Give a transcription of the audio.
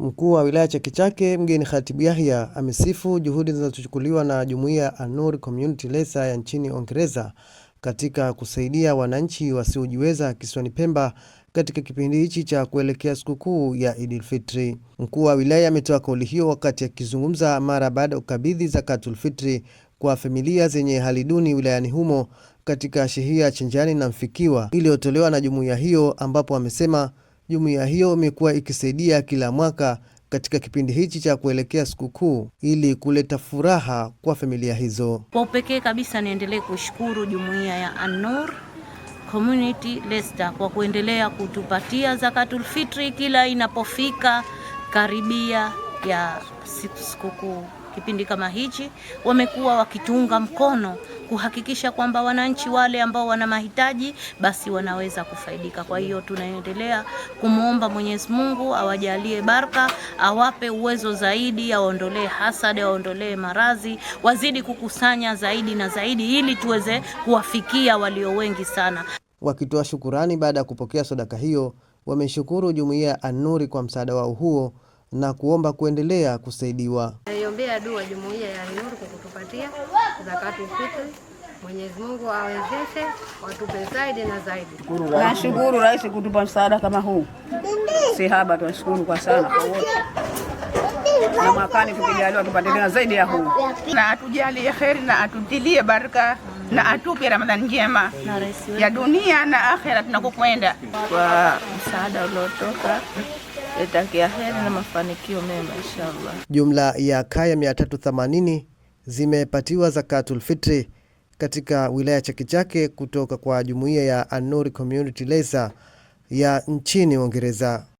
Mkuu wa wilaya Chake Chake mgeni Khatibu Yahya amesifu juhudi zinazochukuliwa na jumuiya ya Community Lesa ya nchini Uingereza katika kusaidia wananchi wasiojiweza kisiwani Pemba katika kipindi hichi cha kuelekea sikukuu ya idlfitri Mkuu wa wilaya ametoa kauli hiyo wakati akizungumza mara baada ya kukabidhi zakatul fitri kwa familia zenye hali duni wilayani humo katika shehia chinjani na Mfikiwa iliyotolewa na jumuiya hiyo, ambapo amesema Jumuiya hiyo imekuwa ikisaidia kila mwaka katika kipindi hichi cha kuelekea sikukuu ili kuleta furaha kwa familia hizo. Kwa upekee kabisa, niendelee kushukuru jumuiya ya An-Nur Community Leicester kwa kuendelea kutupatia zakatul fitri kila inapofika karibia ya sikukuu. Kipindi kama hichi wamekuwa wakitunga mkono kuhakikisha kwamba wananchi wale ambao wana mahitaji basi wanaweza kufaidika. Kwa hiyo tunaendelea kumwomba Mwenyezi Mungu awajalie baraka, awape uwezo zaidi, aondolee hasad, aondolee marazi wazidi kukusanya zaidi na zaidi ili tuweze kuwafikia walio wengi sana. Wakitoa shukurani baada ya kupokea sadaka hiyo, wameshukuru jumuiya ya an kwa msaada wao huo na kuomba kuendelea kusaidiwa tunaiombea dua jumuiya ya Nuru kwa kutupatia zakatu fitri. Mwenyezi Mungu awezeshe, watupe zaidi na zaidi. Nashukuru Rais kutupa msaada kama huu, si haba, tunashukuru kwa sana kwa wote, na mwakani tukijaliwa tupate tena zaidi ya huu, na atujalie kheri na atutilie baraka na atupe Ramadhani njema ya dunia na akhera tunakokwenda, kwa msaada uliotoka itakia heri na mafanikio mema inshallah. Jumla ya kaya 380 zimepatiwa zakatul fitri katika wilaya Chake Chake kutoka kwa jumuiya ya anori Community Lesa ya nchini Uingereza.